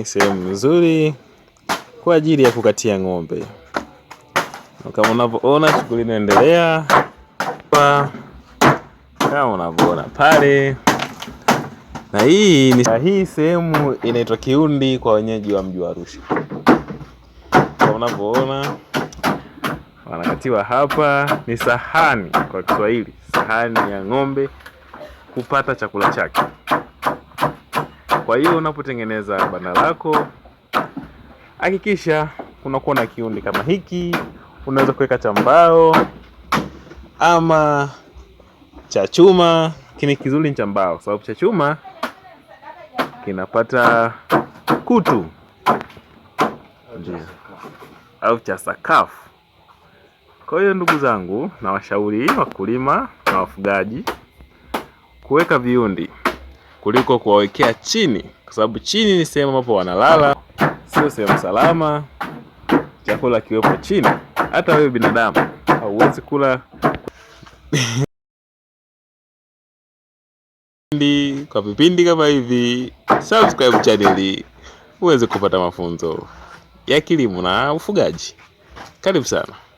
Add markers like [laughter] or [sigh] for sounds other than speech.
Ni sehemu nzuri kwa ajili ya kukatia ng'ombe, kama unavyoona shughuli inaendelea kama unavyoona pale, na hii ni hii sehemu inaitwa Kiundi kwa wenyeji wa mji wa Arusha. Kama unavyoona wanakatiwa hapa, ni sahani kwa Kiswahili, sahani ya ng'ombe kupata chakula chake. Kwa hiyo unapotengeneza banda lako hakikisha kunakuwa na kiundi kama hiki, unaweza kuweka cha mbao ama cha chuma. Kini kizuri ni cha mbao, sababu cha chuma kinapata kutu ndio, au cha sakafu. Kwa hiyo ndugu zangu, na washauri wakulima na wafugaji kuweka viundi kuliko kuwawekea chini, kwa sababu chini ni sehemu ambapo wanalala, sio sehemu salama chakula kiwepo chini. Hata wewe binadamu hauwezi kula [laughs] kwa vipindi kama hivi. Subscribe chaneli uweze kupata mafunzo ya kilimo na ufugaji. Karibu sana.